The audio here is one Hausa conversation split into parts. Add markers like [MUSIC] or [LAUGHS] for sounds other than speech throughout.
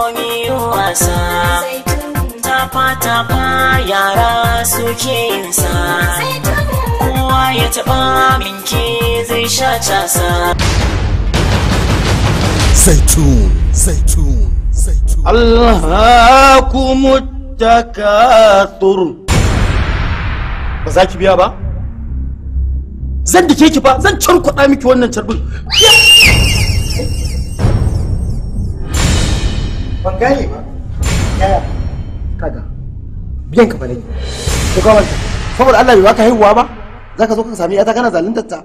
komi wasa tapa tapa yara suke kinsa kowa ya taɓa minke zai sha casa zaitun zaitun zaitun Allah ku mutakatur ba za ki biya ba zan dake ki ba zan carkuɗa miki wannan carbin ban gane ba yaya kaga biyan ka bane ko ka manta saboda Allah bai baka haihuwa ba zaka zo ka sami ita kana zaluntar ta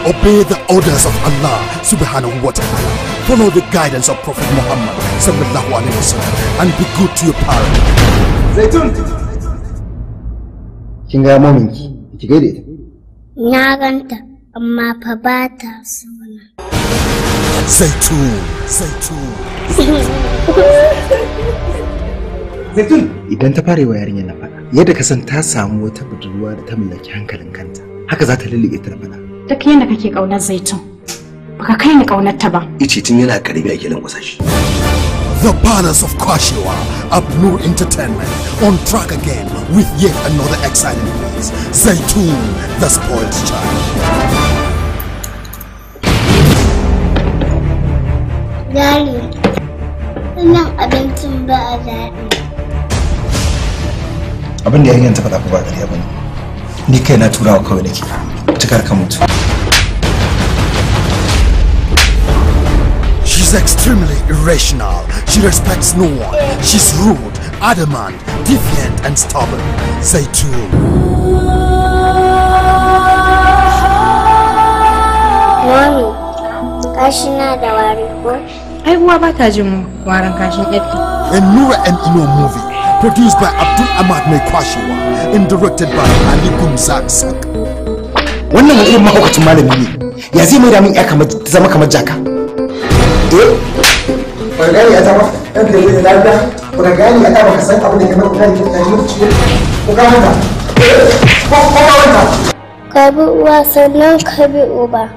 Obey the orders of Allah subhanahu wa ta'ala. Follow the guidance of Prophet Muhammad sallallahu alaihi wasallam and be good to your parents. Zaitun. Kin ga mamin ki gaida ita. Na ganta. amma fa ba ta suna. Zaitun, zaitun. [LAUGHS] Zaitun idan ta fara wa yarinyar na fada yadda ka san ta samu wata budurwa da ta mallaki hankalin kanta haka za ta lullube ta da ta. Duk yadda kake kaunar Zaitun baka kai ni kaunar ta ba. Ice tun yana karami ake lankwasa shi. The Palace of Kwashewa, a Blue Entertainment, on track again with yet another exciting release, Zaitun, the Spoiled Child. Wannan abincin ba a daɗi. Abin da yarinyar ta faɗa ba ƙarya ba ne. Ni kai na turawa kawai nake. Cikar ka mutu. She's extremely irrational. She respects no one. She's rude, adamant, defiant, and stubborn. Zaytun. Mommy, kashi na da wari ko? ai uwa ba ta jin warin kashin yadda. A Nura and Ino movie produced by Abdul Ahmad Mai Kwashewa and directed by Ali Gumzak Wannan wani irin mahaukacin malami ne. Ya zai mai min ya zama kamar jaka. Eh? Wani gani ya zama ɗan da ya lafiya? Wani gani ya ɗaba ka san abin da ke maka gani ya mutu Ko Ko ka hanta? Ka bi uwa sannan ka bi uba.